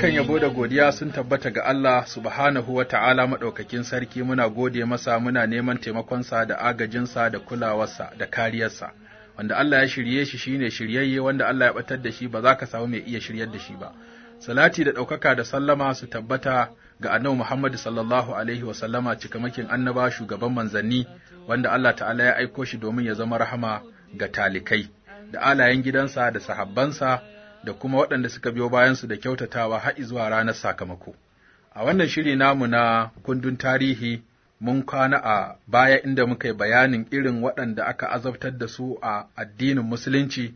dukkan yabo da godiya sun tabbata ga Allah subhanahu wa ta'ala maɗaukakin sarki muna gode masa muna neman taimakonsa da agajinsa da kulawarsa da kariyarsa. Wanda Allah ya shirye shi shi ne shiryayye wanda Allah ya batar da shi ba za ka samu mai iya shiryar da shi ba. Salati da ɗaukaka da sallama su tabbata ga annabi Muhammad sallallahu alaihi wa sallama cikamakin annaba shugaban manzanni wanda Allah ta'ala ya aiko shi domin ya zama rahama ga talikai da alayen gidansa da sahabbansa da kuma waɗanda suka biyo bayansu da kyautatawa har zuwa ranar sakamako. A wannan shiri namu na kundin tarihi mun kwana a baya inda muka yi bayanin irin waɗanda aka azabtar da su a addinin Musulunci,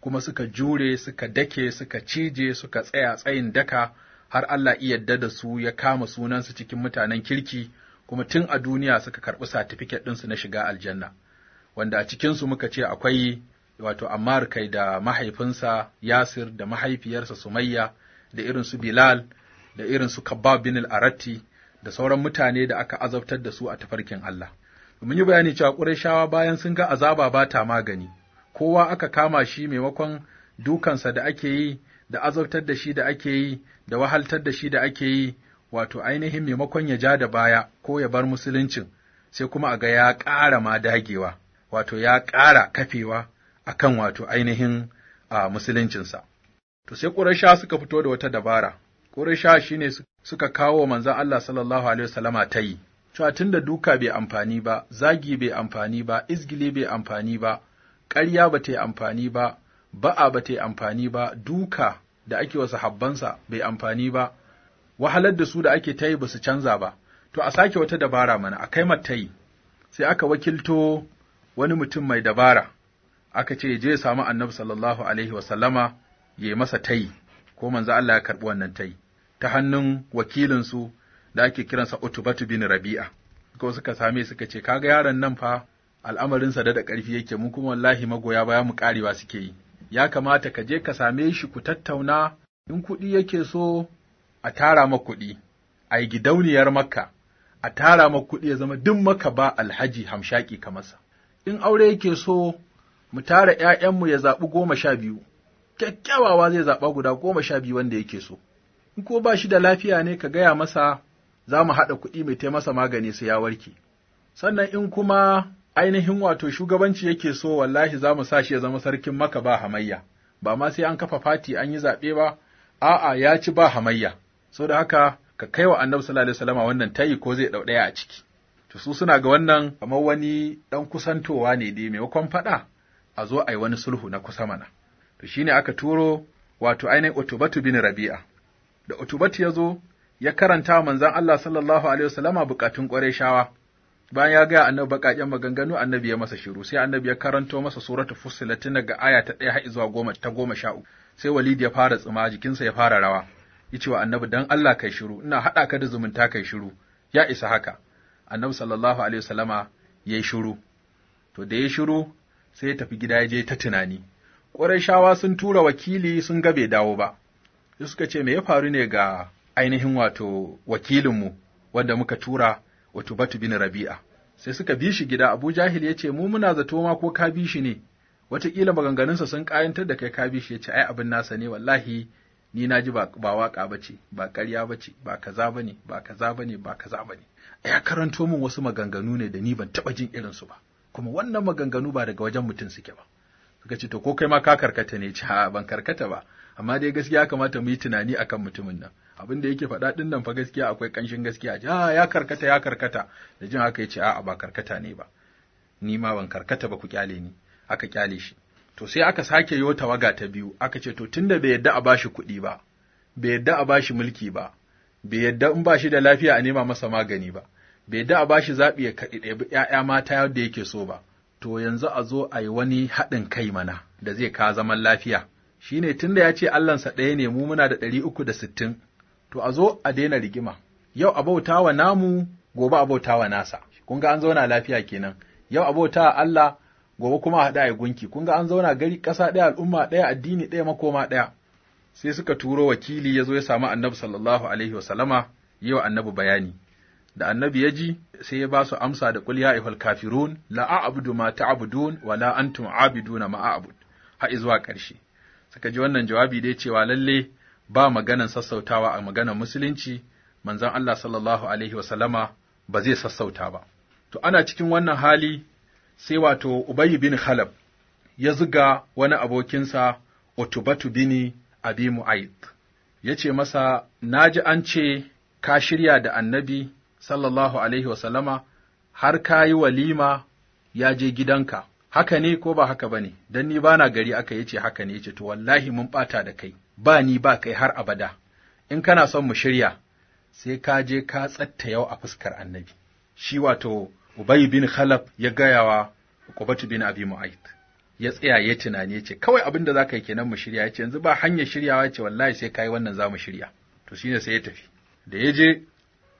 kuma suka jure, suka dake, suka cije, suka tsaya tsayin daka, har Allah iya yarda da su ya kama sunansu cikin mutanen kirki, kuma tun a duniya suka karɓi satifiket ɗinsu na shiga aljanna. Wanda a cikinsu muka ce akwai wato Ammar kai da mahaifinsa Yasir da mahaifiyarsa Sumayya da irin su Bilal da irin su Kabbab bin al-Aratti da sauran mutane da aka azabtar da su a tafarkin Allah. Mun yi bayani cewa Qurayshawa bayan sun ga azaba ba ta magani, kowa aka kama shi maimakon dukansa da ake yi, da azabtar da shi da ake yi, da wahaltar da shi da ake yi, wato ainihin maimakon ya ja da baya ko ya bar musuluncin, sai kuma a ga ya ƙara ma dagewa, wato ya ƙara kafewa, A kan wato ainihin a musuluncinsa. To sai Ƙurasha suka fito da wata dabara, shi ne suka kawo manzan Allah sallallahu alaihi wasallama ta yi, cewa da duka bai amfani ba, zagi bai amfani ba, izgili bai amfani ba, ƙarya ba ta yi amfani ba, ba'a ba ta yi amfani ba, duka da ake wasu habbansa bai amfani ba, wahalar da su da ake ta yi ba su canza ba, to a sake wata dabara mana, a kai yi, sai aka wakilto wani mutum mai dabara, aka ce je ya samu annabi sallallahu alaihi wasallama ya masa tayi ko manzo Allah ya karɓi wannan tai ta hannun wakilinsu da ake kiransa Utubatu bin Rabi'a ko suka same suka ce kaga yaron nan fa al'amarinsa da da ƙarfi yake mu kuma wallahi magoya baya mu karewa suke yi ya kamata ka je ka same shi ku tattauna in kuɗi yake so a tara ma kuɗi a yi gidauniyar makka a tara ma kuɗi ya zama duk maka ba alhaji hamshaki kamarsa in aure yake so mu tara ‘ya'yanmu ya zaɓi goma sha biyu, kyakkyawawa zai zaɓa guda goma sha biyu wanda yake so, in ko ba shi da lafiya ne ka gaya masa za mu haɗa kuɗi mai tai masa magani su ya warke. Sannan in kuma ainihin wato shugabanci yake so wallahi za mu sa shi ya zama sarkin maka ba hamayya, ba ma sai an kafa fati an yi zaɓe ba, a'a ya ci ba hamayya, da haka ka kai wa annabi sallallahu alaihi wasallam wannan tayi ko zai ɗau ɗaya a ciki. To su suna ga wannan kamar wani ɗan kusantowa ne dai maimakon faɗa a zo a yi wani sulhu na kusa mana to shi ne aka turo wato ainihin utubatu bin rabi'a da utubatu ya zo ya karanta manzan Allah sallallahu alaihi wasallama bukatun shawa. bayan ya gaya annabi baƙaƙen maganganu annabi ya masa shiru sai annabi ya karanto masa suratu fusilatin daga aya ta ɗaya har zuwa goma ta goma sha uku sai walid ya fara tsima jikinsa ya fara rawa Ya ce wa annabi dan Allah kai shiru ina haɗa ka da zumunta kai shiru ya isa haka annabi sallallahu alaihi wasallama yayi shiru to da ya shiru sai ya tafi gida ya je ta tunani. shawa sun tura wakili sun ga bai dawo ba, sai suka ce me ya faru ne ga ainihin wato wakilinmu wanda muka tura wato Batu bin Rabi'a. Sai suka bi shi gida Abu Jahil ya ce mu muna zato ma ko ka bi shi ne, wataƙila maganganunsa sun kayantar da kai ka bi shi ya ce ai abin nasa ne wallahi ni na ji ba waƙa ba ce, ba ƙarya ba ce, ba kaza ba ne, ba kaza ba ne, ba kaza ba ne. Ya karanto min wasu maganganu ne da ni ban taɓa jin irinsu ba. kuma wannan maganganu ba daga wajen mutum suke ba suka ce to ko kai ma ka karkata ne ce ban karkata ba amma dai gaskiya kamata mu yi tunani akan mutumin nan abin da yake faɗa ɗin nan fa gaskiya akwai ƙanshin gaskiya Ja ya karkata ya karkata da jin haka ya ce a'a ba karkata ne ba ni ma ban karkata ba ku kyale ni aka kyale shi to sai aka sake yo tawaga ta biyu aka ce to tunda bai yadda a bashi kuɗi ba bai yadda a bashi mulki ba bai yadda in bashi da lafiya a nema masa magani ba bai da a shi zaɓi ya kaɗi ɗaya ‘ya'ya mata yadda yake so ba, to yanzu a zo a yi wani haɗin kai mana da zai ka zaman lafiya. Shi ne tun da ya ce Allahnsa ɗaya ne mu muna da ɗari uku da sittin, to a zo a daina rigima, yau a wa namu, gobe a wa nasa, kun ga an zauna lafiya kenan, yau a bauta wa Allah, gobe kuma a haɗa a gunki, kun ga an zauna gari ƙasa ɗaya al'umma ɗaya addini ɗaya makoma ɗaya. Sai suka turo wakili ya zo ya samu annabi sallallahu alaihi wa sallama, yi wa annabi bayani. da annabi ya ji sai ya ba su amsa da ƙulya ya kafirun la a'budu ma ta'budun wa la antum a'biduna ma a'bud har zuwa ƙarshe suka ji wannan jawabi dai cewa lalle ba maganan sassautawa a maganan musulunci manzon Allah sallallahu alaihi wasallama ba zai sassauta ba to ana cikin wannan hali sai wato Ubay bin Khalab ya zuga wani abokinsa Utubatu bini Abi Mu'ayth ya masa naji ji an ce ka shirya da annabi sallallahu alaihi wasallama har ka yi walima ya je gidanka haka ne ko ba haka ba ne don ni na gari aka yi ce haka ne ya ce to wallahi mun ɓata da kai ba ni ba kai har abada in kana son mu shirya sai ka je ka tsatta yau a fuskar annabi shi wato Ubay bin Khalaf ya gaya wa Qubatu bin Abi Mu'ayth ya tsaya ya tunani ya ce kawai abin da zaka yi kenan mu shirya ya ce yanzu ba hanyar shiryawa ce wallahi sai kai wannan za mu shirya to shine sai ya tafi da ya je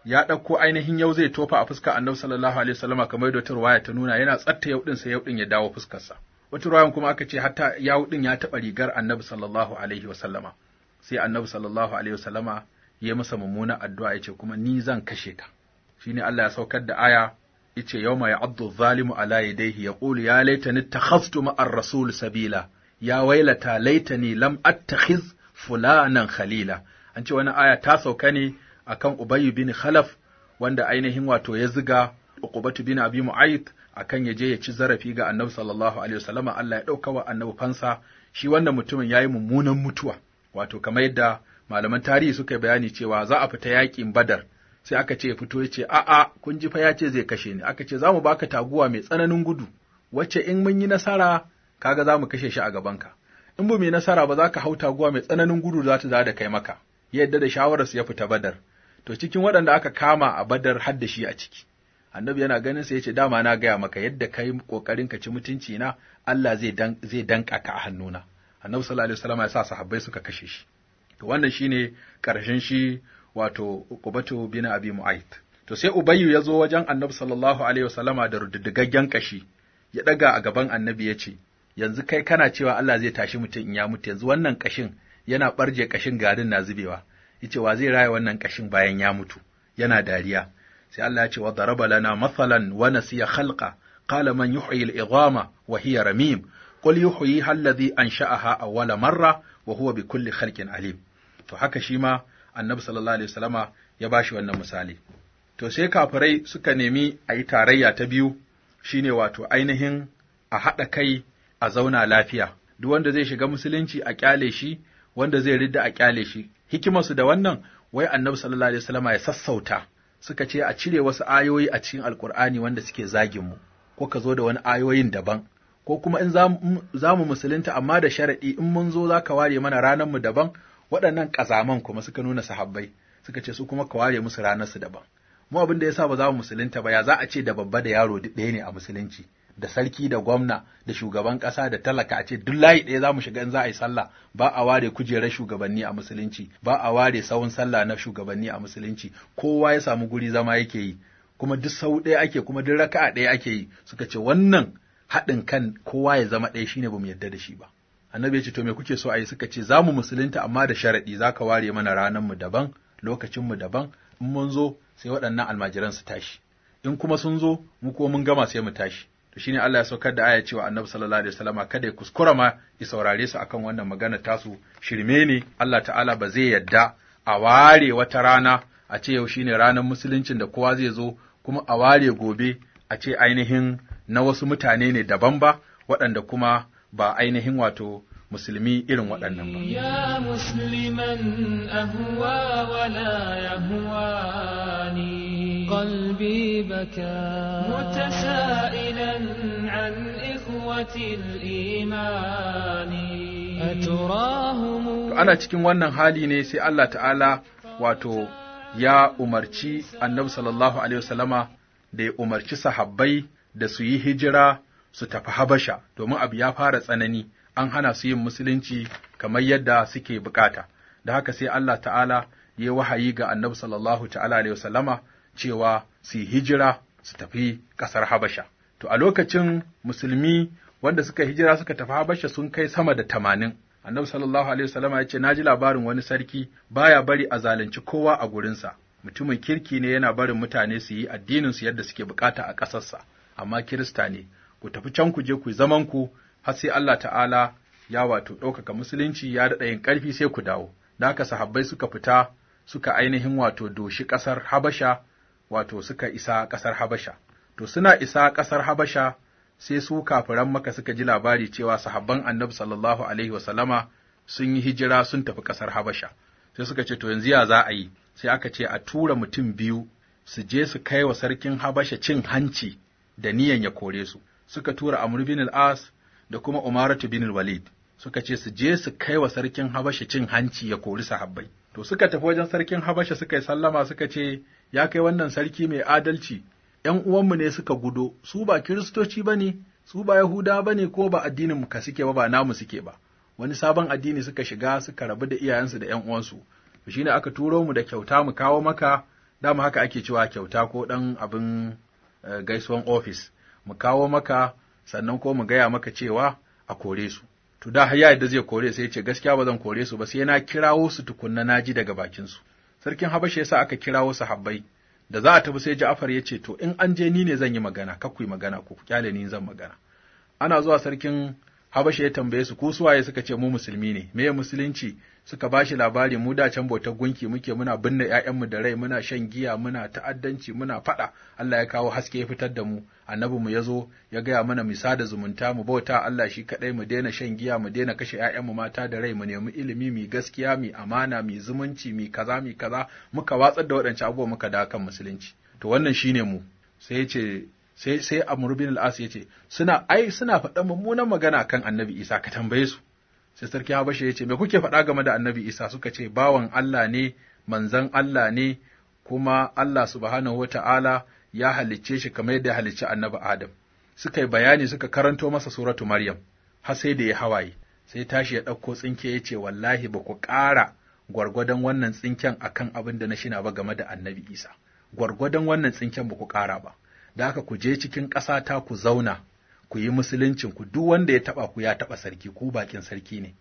ya ɗauko ainihin yau zai tofa a fuskar annabi sallallahu alaihi wasallama kamar da wata ruwaya ta nuna yana tsatta yau ɗin sai yau ya dawo fuskarsa wata ruwayan kuma aka ce hatta yau ɗin ya taɓa rigar annabi sallallahu alaihi wasallama sai annabi sallallahu alaihi wasallama ya masa mummuna addu'a ya ce kuma ni zan kashe ka shine Allah ya saukar da aya yace yawma ya'addu zalimu ala yadayhi yaqulu ya ya laitani takhastu ma'ar rasul sabila ya wailata laitani lam attakhiz fulanan khalila an ce wani aya ta sauka ne akan Ubayy bin Khalaf wanda ainihin wato ya ziga Uqubatu bin Abi Mu'ayth akan ya je ya ci zarafi ga Annabi sallallahu alaihi wasallam Allah ya dauka wa Annabi fansa shi wannan mutumin yayi mummunan mutuwa wato kamar yadda malaman tarihi suka yi bayani cewa za a fita yakin Badar sai aka ce ya fito ya ce a'a kun ji fa ya ce zai kashe ni aka ce za mu baka taguwa mai tsananin gudu wacce in mun yi nasara kaga za mu kashe shi a gabanka in mu yi nasara ba za ka hau taguwa mai tsananin gudu za ta za da kai maka yadda da su ya fita Badar to cikin waɗanda aka kama a badar har da shi a ciki annabi yana ganin sa yace dama na gaya maka yadda kai kokarin ka ci mutunci na Allah zai dan zai danka ka a hannuna annabi sallallahu alaihi wasallam ya sa sahabbai suka kashe shi to wannan shine karshen shi wato Uqbatu bin Abi Mu'ayth to sai Ubayyu ya zo wajen annabi sallallahu alaihi wasallama da rududdigaggen kashi ya daga a gaban annabi ya ce yanzu kai kana cewa Allah zai tashi mutum in ya mutu yanzu wannan kashin yana ɓarje kashin garin na zubewa yace wa zai raya wannan kashin bayan ya mutu yana dariya sai Allah ya ce wa daraba lana mathalan wa nasiya khalqa qala man yuhyi al-idhama wa hiya ramim qul yuhyiha alladhi ansha'aha awwala marra wa huwa bi kulli khalqin alim to haka shi ma annabi sallallahu alaihi wasallama ya bashi wannan misali to sai kafirai suka nemi a yi tarayya ta biyu shine wato ainihin a haɗa kai a zauna lafiya duk wanda zai shiga musulunci a kyale shi wanda zai ridda a kyale shi hikimarsu da wannan wai annabi sallallahu alaihi wasallama ya sassauta suka ce a cire wasu ayoyi a cikin alkur'ani wanda suke zagin mu ko ka zo da wani ayoyin daban ko kuma in za mu musulunta amma da sharaɗi in mun zo za ka ware mana ranar mu daban waɗannan ƙazaman kuma suka nuna sahabbai suka ce su kuma ka ware musu ranar su daban mu abin da yasa ba za mu musulunta ba ya za a ce da babba da yaro duk ɗaya ne a musulunci da sarki da gwamna da shugaban ƙasa da talaka a ce duk layi ɗaya za mu shiga in za a yi sallah ba a ware kujerar shugabanni a musulunci ba a ware sawun sallah na shugabanni a musulunci kowa ya samu guri zama yake yi kuma duk sau ɗaya ake kuma duk raka'a ɗaya ake yi suka ce wannan haɗin kan kowa ya zama ɗaya shine bamu yarda da shi ba annabi ya ce to me kuke so a yi suka ce za mu musulunta amma da sharaɗi za ka ware mana ranar mu daban lokacin mu daban in mun zo sai waɗannan almajiran su tashi in kuma sun zo mu ko mun gama sai mu tashi to shine Allah ya saukar da aya cewa Annabi sallallahu alaihi wasallama kada ya kuskura ma ya saurare su akan wannan magana tasu shirme ne Allah ta'ala ba zai yadda a ware wata rana a ce yau shine ranar musuluncin da kowa zai zo kuma a ware gobe a ce ainihin na wasu mutane ne daban ba waɗanda kuma ba ainihin wato musulmi irin waɗannan ba. Ya musliman ahuwa wala yahuwani قلبي بكى متسائلا عن إخوة الإيمان أتراهم أنا cikin wannan hali ne sai Allah ta'ala wato ya umarci annabi sallallahu da ya umarci sahabbai da su yi hijira su tafi Habasha domin abu ya fara tsanani an hana su yin musulunci kamar yadda suke bukata da haka sai Allah ta'ala ya wahayi ga annabi sallallahu ta'ala alaihi wasallama cewa su hijira su tafi ƙasar Habasha. To a lokacin musulmi wanda suka hijira suka tafi Habasha sun kai sama da tamanin. Annabi sallallahu alaihi wasallam ya ce na ji labarin wani sarki baya bari a zalunci kowa a gurinsa. Mutumin kirki ne yana barin mutane su yi addininsu yadda suke bukata a ƙasarsa, amma Kirista ne. Ku tafi can ku je ku zaman ku har sai Allah ta'ala ya wato ɗaukaka musulunci ya daɗa yin ƙarfi sai ku dawo. Da haka sahabbai suka fita suka ainihin wato doshi ƙasar Habasha wato suka isa ƙasar Habasha. To suna isa ƙasar Habasha sai su kafiran maka suka ji labari cewa sahabban annabi sallallahu alaihi wasallama sun yi hijira sun tafi ƙasar Habasha. Sai suka ce to yanzu ya za a yi, sai aka ce a tura mutum biyu su je su kai wa sarkin Habasha cin hanci da niyan ya kore su. Suka tura Amr bin al-As da kuma Umaratu bin al-Walid. Suka ce su je su kai wa sarkin Habasha cin hanci ya kori sahabbai. To suka tafi wajen sarkin Habasha suka yi sallama suka ce ya kai wannan sarki mai adalci, ’yan uwanmu ne suka gudo, su ba Kiristoci ba ne, su ba Yahuda ba ne ko ba addinin ka suke ba ba namu suke ba, wani sabon addini suka shiga suka rabu da iyayensu da ’yan uwansu, shi ne aka turo mu da kyauta mu kawo maka, dama haka ake cewa kyauta ko ɗan abin eh, gaisuwan ofis, mu kawo maka sannan ko mu gaya maka cewa a kore su. To da ya yadda zai kore sai ya ce gaskiya ba zan kore su ba sai na kirawo su tukunna na ji daga bakinsu. sarkin Habasha yasa aka kira kirawo Habbai, da za a tafi sai Ja'far ya ce to in an je ni ne zan yi magana ka ku yi magana ku kyale ni zan magana ana zuwa sarkin Habasha ya tambaye su ku suwaye suka ce mu musulmi ne, me musulunci suka bashi labari mu da can bautar gunki muke muna binne ‘ya'yanmu da rai muna shan giya muna ta'addanci muna faɗa Allah ya kawo haske ya fitar da mu annabi mu ya zo ya gaya mana misa da zumunta mu bauta Allah shi kaɗai mu daina shan giya mu daina kashe ‘ya'yanmu mata da rai mu nemi ilimi mu gaskiya mu amana mu zumunci mu kaza mu kaza muka watsar da waɗancan abubuwa muka da kan musulunci to wannan shine mu sai ya ce sai sai Amr bin al-As yace suna ai suna faɗa mummunan magana kan Annabi Isa ka tambaye su sai sarki Habasha yace me kuke faɗa game da Annabi Isa suka ce bawan Allah ne manzon Allah ne kuma Allah subhanahu wata'ala ya halicce shi kamar yadda ya halicci Annabi Adam suka yi bayani suka karanto masa suratu Maryam har sai da ya hawaye sai tashi ya ɗauko tsinke ya ce wallahi ba ku ƙara gwargwadon wannan tsinken akan abin da na shina ba game da Annabi Isa gwargwadon wannan tsinken ba ku ƙara ba da haka ku je cikin ƙasata ku zauna ku yi musuluncin ku duk wanda ya taɓa ku ya taɓa sarki ku bakin sarki ne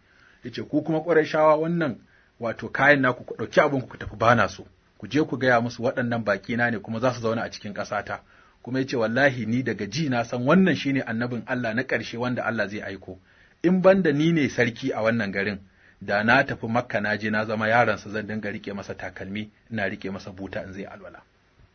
yace ku kuma ƙwarai wannan wato kayan naku ku ɗauki abin ku tafi bana su. ku je ku gaya musu waɗannan baƙi na ne kuma za su zauna a cikin ƙasata kuma yace wallahi ni daga ji na san wannan shine annabin Allah na ƙarshe wanda Allah zai aiko in banda ni ne sarki a wannan garin da na tafi makka na je na zama yaran sa zan dinga rike masa takalmi ina rike masa buta in zai alwala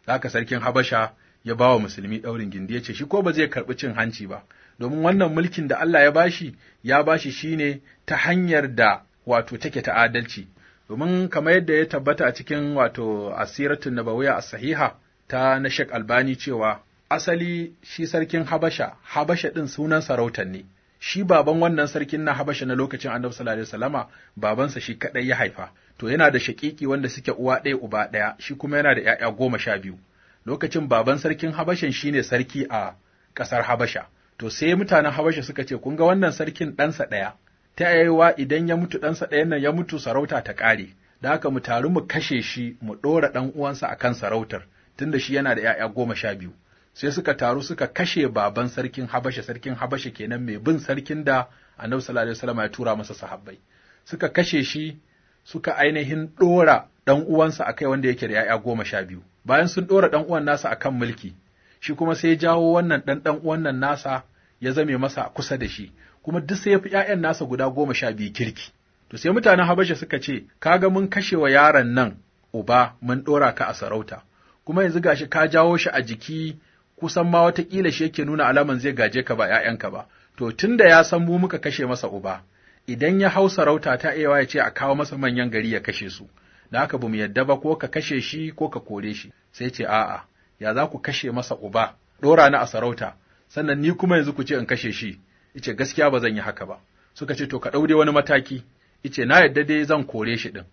haka sarkin habasha ya ba wa musulmi ɗaurin gindi ya ce shi ko ba zai karɓi cin hanci ba domin wannan mulkin da Allah ya bashi ya bashi ne ta hanyar da wato take ta adalci domin kamar yadda ya tabbata a cikin wato asiratun nabawiya a sahiha ta na Sheikh Albani cewa asali shi sarkin Habasha Habasha din sunan sarautar ne shi baban wannan sarkin na Habasha na lokacin Annabi sallallahu alaihi wasallama babansa shi kadai ya haifa to yana da shaƙiƙi wanda suke uwa ɗaya uba ɗaya shi kuma yana da ƴaƴa goma sha biyu lokacin baban sarkin Habashan shine sarki a ƙasar Habasha. To sai mutanen Habasha suka ce, kun ga wannan sarkin ɗansa ɗaya, ta yayiwa idan ya mutu ɗansa ɗayan nan ya mutu sarauta ta ƙare, da haka mu taru mu kashe shi mu ɗora ɗan uwansa a kan sarautar, tunda shi yana da ‘ya'ya goma sha biyu. Sai suka taru suka kashe baban sarkin Habasha, sarkin Habasha kenan mai bin sarkin da Annabi sallallahu alaihi wasallam ya tura masa sahabbai. Suka kashe shi suka ainihin ɗora ɗan uwansa kai wanda yake da ‘ya'ya goma sha biyu. bayan sun ɗora ɗan uwan nasa a kan mulki shi kuma sai ya jawo wannan ɗan ɗan uwan nan nasa ya zame masa kusa da shi kuma duk sai ya fi ’ya'yan nasa guda goma sha biyu kirki to sai mutanen habasha suka ce ka ga mun kashe wa yaron nan uba mun ɗora ka a sarauta kuma yanzu gashi ka jawo shi a jiki kusan ma watakila shi yake nuna alaman zai gaje ka ba ’ya'yanka ba to tun da ya san mu muka kashe masa uba idan ya hau sarauta ta iya ya ce a kawo masa manyan gari ya kashe su da haka mu yadda ba ko ka kashe shi ko ka kore shi sai ce a'a ya za ku kashe masa uba dora na a sarauta sannan ni kuma yanzu ku ce in kashe shi ice gaskiya ba zan yi haka ba suka ce to ka ɗaude wani mataki ice na yadda dai zan kore shi din.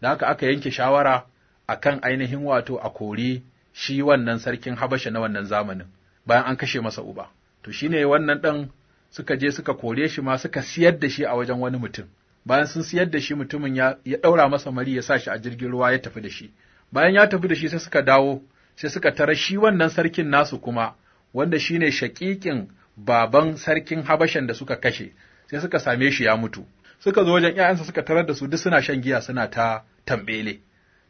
da haka aka yanke shawara akan ainihin wato a kori shi wannan sarkin habasha na wannan zamanin bayan an kashe masa uba to shine wannan ɗan suka je suka kore shi ma suka siyar da shi a wajen wani mutum bayan sun siyar da shi mutumin ya ɗaura masa mari ya sa shi a jirgin ruwa ya tafi da shi bayan ya tafi da shi sai suka dawo sai suka tara shi wannan sarkin nasu kuma wanda shi ne shaƙiƙin baban sarkin habashan da suka kashe sai suka same shi ya mutu suka zo wajen ‘ya'yansa suka tarar da su duk suna shan giya suna ta tambele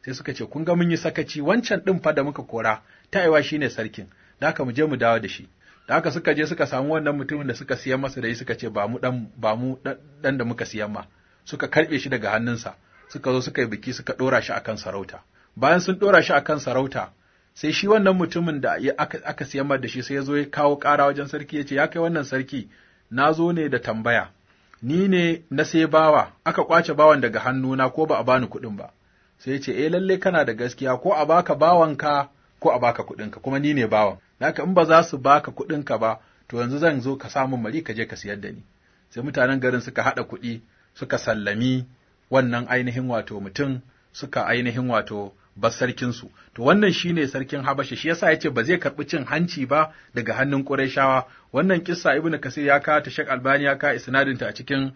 sai suka ce kun ga mun yi sakaci wancan ɗin fa da muka kora ta aiwa ne sarkin da haka mu je mu dawo da shi da haka suka je suka samu wannan mutumin da suka siyan masa da yi suka ce ba mu ɗan da muka siyan ma suka karɓe shi daga hannunsa suka zo suka yi biki suka ɗora shi akan sarauta bayan sun ɗora shi akan sarauta sai shi wannan mutumin da aka siyamar da shi sai ya zo ya kawo ƙara wajen sarki ya ce ya kai wannan sarki na zo ne da tambaya ni ne na sai bawa aka kwace bawan daga hannuna ko ba a bani kuɗin ba sai ya ce eh lalle kana da gaskiya ko a baka bawanka ko a baka kuɗinka kuma ni ne bawan naka in ba za su baka kuɗinka ba to yanzu zan zo ka samu mari ka je ka siyar da ni sai mutanen garin suka haɗa kuɗi suka sallami wannan ainihin wato mutum suka ainihin wato bar sarkinsu to wannan shine sarkin Habasha shi yasa yace ba zai karɓi cin hanci ba daga hannun Qurayshawa wannan kissa Ibn Kasir ya kawo ta Sheikh Albani ya kawo isnadin a cikin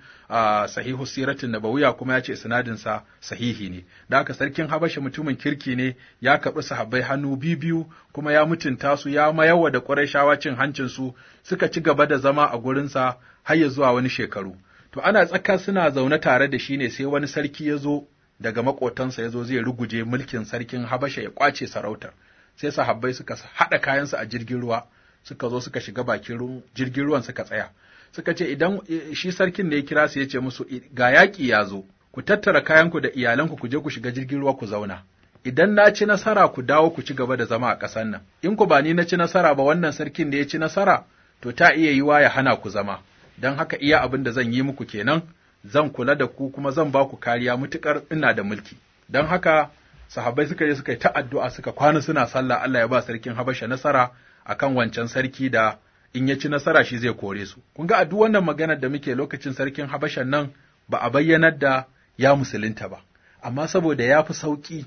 sahihu siratin nabawiya kuma ya ce isnadin sahihi ne da haka sarkin Habasha mutumin kirki ne ya karɓi sahabbai hannu biyu kuma ya mutunta su ya mayawa da Qurayshawa cin hancinsu suka ci gaba da zama a gurinsa har ya zuwa wani shekaru To ana tsaka suna zaune tare da shi ne sai wani sarki ya zo daga maƙotansa ya zo zai ruguje mulkin sarkin Habasha ya ƙwace sarautar. Sai sahabbai suka haɗa kayansu a jirgin ruwa suka zo suka shiga bakin jirgin ruwan suka tsaya. Suka ce idan eh, shi sarkin ne ya kira su ya ce musu ga yaƙi ya zo, ku tattara kayanku da iyalanku ku je ku shiga jirgin ruwa ku zauna. Idan na ci nasara ku dawo ku ci gaba da zama a ƙasar nan, in ku ba ni na ci nasara ba wannan sarkin da ya ci nasara, to ta iya yiwa ya hana ku zama. don haka iya abin da zan yi muku kenan, zan kula da ku kuma zan ba ku kariya mutuƙar ina da mulki. Don haka sahabai suka je suka yi ta addu'a suka kwana suna sallah Allah ya ba sarkin Habasha nasara akan wancan sarki da in ya ci nasara shi zai kore su. Kun ga a duk wannan maganar da muke lokacin sarkin Habashan nan ba a bayyanar da ya musulunta ba, amma saboda ya fi sauƙi,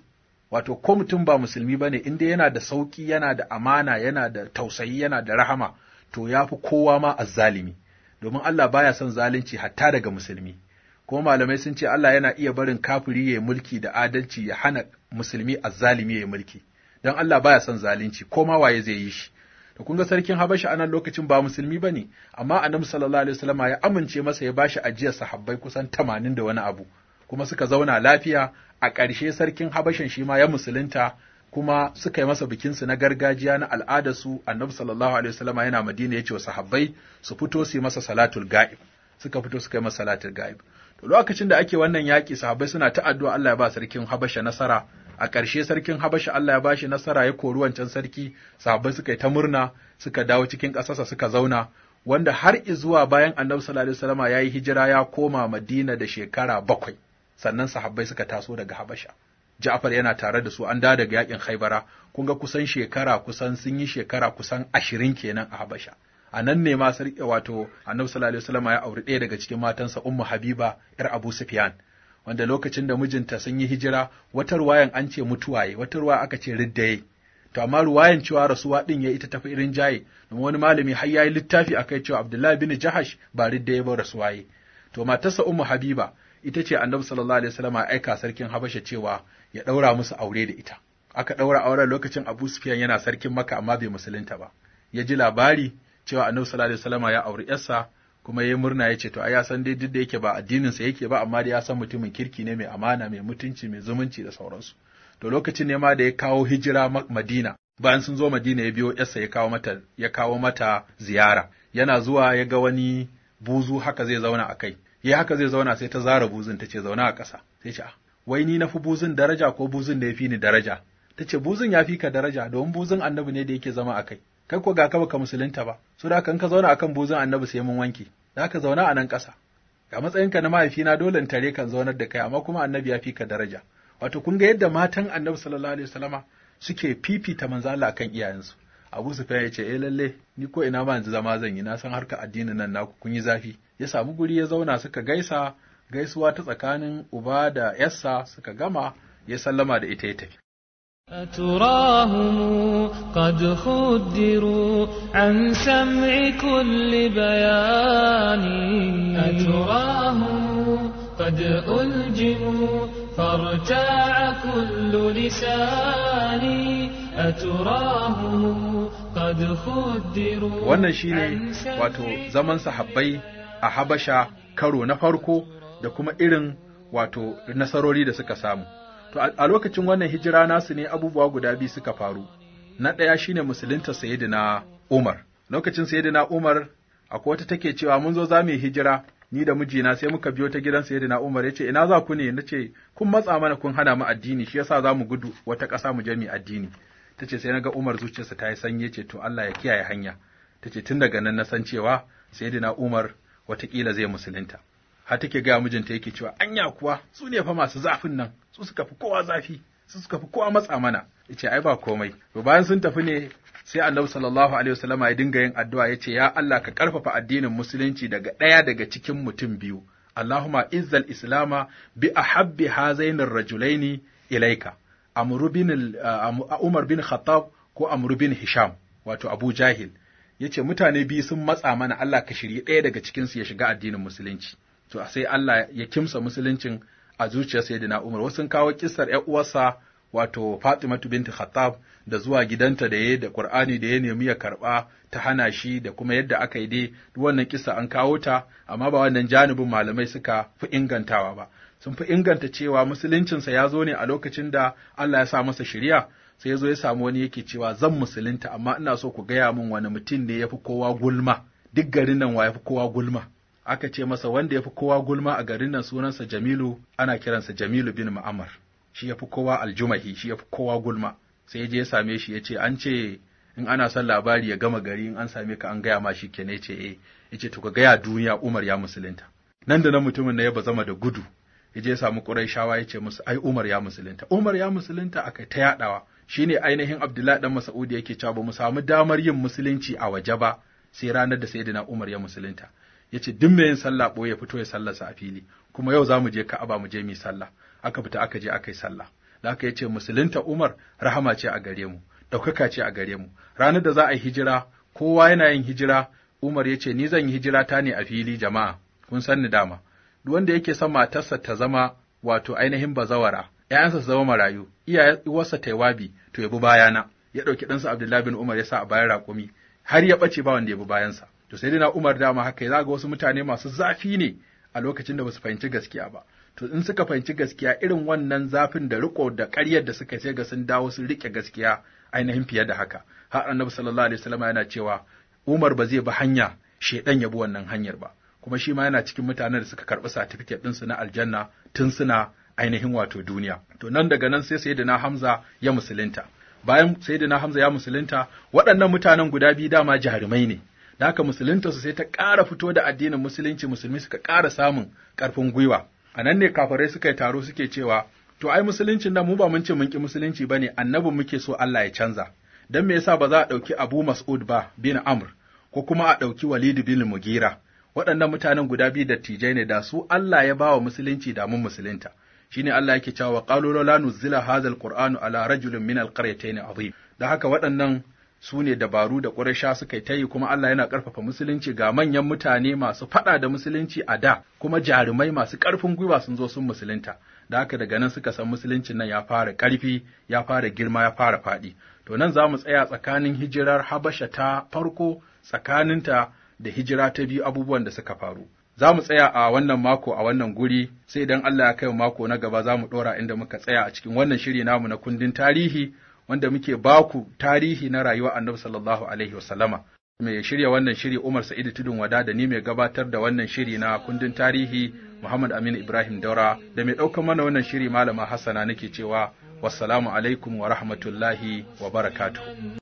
wato ko mutum ba musulmi ba ne, inda yana da sauƙi, yana da amana, yana da tausayi, yana da rahama, to ya fi kowa ma azzalimi. domin Allah baya son zalunci hatta daga musulmi kuma malamai sun ce Allah yana iya barin kafiri ya mulki da adalci ya hana musulmi azzalimi ya mulki don Allah baya son zalunci ko ma waye zai yi shi da kun ga sarkin Habasha anan lokacin ba musulmi ne? amma Annabi sallallahu alaihi wasallam ya amince masa ya bashi ajiyar sahabbai kusan tamanin da wani abu kuma suka zauna lafiya a ƙarshe sarkin Habashan shi ma ya musulunta kuma suka yi masa bikinsu na gargajiya na al'adarsu annabi sallallahu alaihi wasallama yana madina ya ce wa sahabbai su fito su yi masa salatul ga'ib suka fito suka yi masa salatul ga'ib to lokacin da ake wannan yaki, sahabbai suna ta addu'a Allah ya ba sarkin Habasha nasara a ƙarshe sarkin Habasha Allah ya bashi nasara ya kori wancan sarki sahabbai suka yi ta murna suka dawo cikin ƙasarsa suka zauna wanda har zuwa bayan annabi sallallahu alaihi wasallama ya yi hijira ya koma Madina da shekara bakwai sannan sahabbai suka taso daga Habasha Ja'far yana tare da su an da daga yakin Khaibara kun ga kusan shekara kusan sun yi shekara kusan ashirin kenan a Habasha a nan ne ma sarki wato Annabi sallallahu alaihi wasallam ya auri ɗaya daga cikin matansa Ummu Habiba ‘yar Abu Sufyan wanda lokacin da mijinta sun yi hijira wata ruwayan an ce mutuwaye wata ruwa aka ce riddaye to amma ruwayan cewa rasuwa din ya ita tafi irin jaye domin wani malami har yayi littafi akai cewa Abdullahi bin Jahash ba riddaye ba rasuwaye to matarsa Ummu Habiba ita ce annabi sallallahu alaihi wasallam aika sarkin habasha cewa ya ɗaura musu aure da ita aka ɗaura auren lokacin abu sufyan yana sarkin maka amma bai musulunta ba ya ji labari cewa annabi sallallahu alaihi wasallam ya auri yarsa kuma ya murna ya ce to ai ya san dai duk da yake ba addinin sa yake ba amma da ya san mutumin kirki ne mai amana mai mutunci mai zumunci da sauransu to lokacin ne ma da ya kawo hijira Madina bayan sun zo Madina ya biyo yarsa ya kawo mata ya kawo mata ziyara yana zuwa ya ga wani buzu haka zai zauna a kai ya haka zai zauna sai ta zara buzun ta ce zauna a ƙasa sai ce ah, wai ni na fi buzun daraja ko buzun da ya fi ni daraja ta ce buzun ya fi ka daraja domin buzun annabi ne da yake zama a kai kai ko ga ka baka musulunta ba so da kan ka zauna akan buzun annabi sai mun wanke za ka zauna a nan ƙasa ga matsayinka na mahaifina dole in tare kan zaunar da kai amma kuma annabi ya fi ka daraja wato kun ga yadda matan annabi sallallahu alaihi wasallama suke fifita manzo Allah akan iyayensu Abu Sufyan ya ce e, lalle ni ko ina ma yanzu zama zan yi na san harka addinin nan naku kun yi zafi ya samu guri ya zauna suka gaisa gaisuwa ta tsakanin uba da yassa suka gama ya sallama da ita ya tafi أتراهم قد خدروا عن سمع كل بيان أتراهم قد ألجموا فارتاع كل لسان أتراهم قد خدروا wannan shine wato zaman sahabbai a Habasha karo na farko da kuma irin wato nasarori da suka samu. To a lokacin wannan hijira nasu ne abubuwa guda biyu suka faru. Na ɗaya shine musulunta Sayyidina Umar. Lokacin Sayyidina Umar akwai wata take cewa mun zo za mu yi hijira ni da mijina sai muka biyo ta gidan Sayyidina Umar Ya ce ina za ku ne nace kun matsa mana kun hana mu addini shi yasa za mu gudu wata ƙasa mu je mu addini. Tace sai naga Umar zuciyarsa ta yi sanyi ce to Allah ya kiyaye hanya. Tace tun daga nan na san cewa Sayyidina Umar watakila zai musulunta har take gaya mijinta yake cewa anya kuwa su ne fa masu zafin nan su suka fi kowa zafi su suka fi kowa matsa mana yace ai ba komai to bayan sun tafi ne sai Annabi sallallahu alaihi wasallama ya dinga yin addu'a yace ya Allah ka karfafa addinin musulunci daga ɗaya daga cikin mutum biyu Allahumma izzal islama bi ahabbi hazainir rajulaini ilaika Amr bin uh, Umar bin Khattab ko Amr bin Hisham wato Abu Jahil ya ce mutane biyu sun matsa mana Allah ka shirye ɗaya daga cikinsu ya shiga addinin musulunci to sai Allah ya kimsa musuluncin a zuciyar sayyidina Umar wasu sun kawo kissar ƴar uwarsa wato Fatima binti Khattab da zuwa gidanta da ya da Kur'ani da ya nemi ya karɓa ta hana shi da kuma yadda aka yi dai duk wannan kissa an kawo ta amma ba wannan janibin malamai suka fi ingantawa ba sun fi inganta cewa musuluncinsa ya zo ne a lokacin da Allah ya sa masa shiriya sai ya zo ya samu wani yake cewa zan musulunta amma ina so ku gaya min wani mutum ne ya fi kowa gulma duk garin nan wa ya fi kowa gulma aka ce masa wanda ya fi kowa gulma a garin nan sunansa Jamilu ana kiransa Jamilu bin Mu'ammar shi ya fi kowa aljumahi shi ya fi kowa gulma sai ya je ya same shi ya ce an ce in ana son labari ya gama gari in an same ka an gaya ma shi ke ne ce eh ya to ka gaya duniya Umar ya musulunta nan da nan mutumin na ya zama da gudu ya je ya samu ya ce musu ai Umar ya musulunta Umar ya musulunta aka ta yaɗawa Shi ne ainihin Abdullahi ɗan mas'udi yake cewa ba mu samu damar yin musulunci a waje ba sai ranar da Sayyidina Umar ya musulunta yace duk mai yin sallah ɓoye fito ya sallarsa a fili kuma yau za mu je Ka'aba mu je mu sallah aka fita aka je aka yi sallah da aka ce, musulunta Umar rahama ce a gare mu ɗaukaka ce a gare mu ranar da za a yi hijira kowa yana yin hijira Umar ya ce, ni zan yi hijira ta ne a fili jama'a kun san ni dama duk wanda yake son matarsa ta zama wato ainihin bazawara ‘ya'yansa su zama marayu, iyayensa ta yi wabi, to ya bi bayana, ya ɗauki ɗansa Abdullahi bin Umar ya sa a bayan raƙumi, har ya ɓace ba wanda ya bi bayansa. To sai dai na Umar dama haka ya zaga wasu mutane masu zafi ne a lokacin da ba su fahimci gaskiya ba. To in suka fahimci gaskiya irin wannan zafin da riƙo da ƙaryar da suka sai ga sun dawo sun riƙe gaskiya ainihin fiye da haka. Har Annabi sallallahu alaihi wasallam yana cewa Umar ba zai bi hanya shedan ya bi wannan hanyar ba. Kuma shi ma yana cikin mutanen da suka karɓi satifiket ɗinsu na aljanna tun suna ainihin wato duniya to nan daga nan sai sayyidina Hamza ya musulunta bayan sayyidina Hamza ya musulunta waɗannan mutanen guda biyu dama jarumai ne da haka musulunta su sai ta ƙara fito da addinin musulunci musulmi suka ƙara samun ƙarfin gwiwa a nan ne kafarai suka yi taro suke cewa to ai musuluncin nan mu ba mun ce mun ki musulunci ba ne annabin muke so Allah ya canza dan me yasa ba za a ɗauki Abu Mas'ud ba bin Amr ko kuma a ɗauki Walid bin Mugira waɗannan mutanen guda biyu dattijai ne da su Allah ya bawa musulunci da mun musulunta shine Allah yake cewa qalu la nuzila hadha alqur'anu ala rajulin min alqaryatayn azim da haka waɗannan su ne dabaru da ƙurasha suka ta yi kuma Allah yana ƙarfafa musulunci ga manyan mutane masu faɗa da musulunci a da kuma jarumai masu ƙarfin gwiwa sun zo sun musulunta da haka daga nan suka san musuluncin nan ya fara ƙarfi ya fara girma ya fara faɗi to nan za mu tsaya tsakanin hijirar habasha ta farko tsakaninta da hijira ta biyu abubuwan da suka faru Za mu tsaya a wannan mako a wannan guri, sai idan Allah ya kai mako na gaba za mu ɗora inda muka tsaya a cikin wannan shiri namu na kundin tarihi, wanda muke baku tarihi na rayuwa annabi sallallahu alaihi wasallama. Mai shirya wannan shiri Umar Sa'idu Tudun Wada da ni mai gabatar da wannan shiri na kundin tarihi Muhammad Aminu Ibrahim Daura da mai ɗaukar mana wannan shiri Malama Hassana nake cewa wassalamu alaikum wa rahmatullahi wa barakatuh.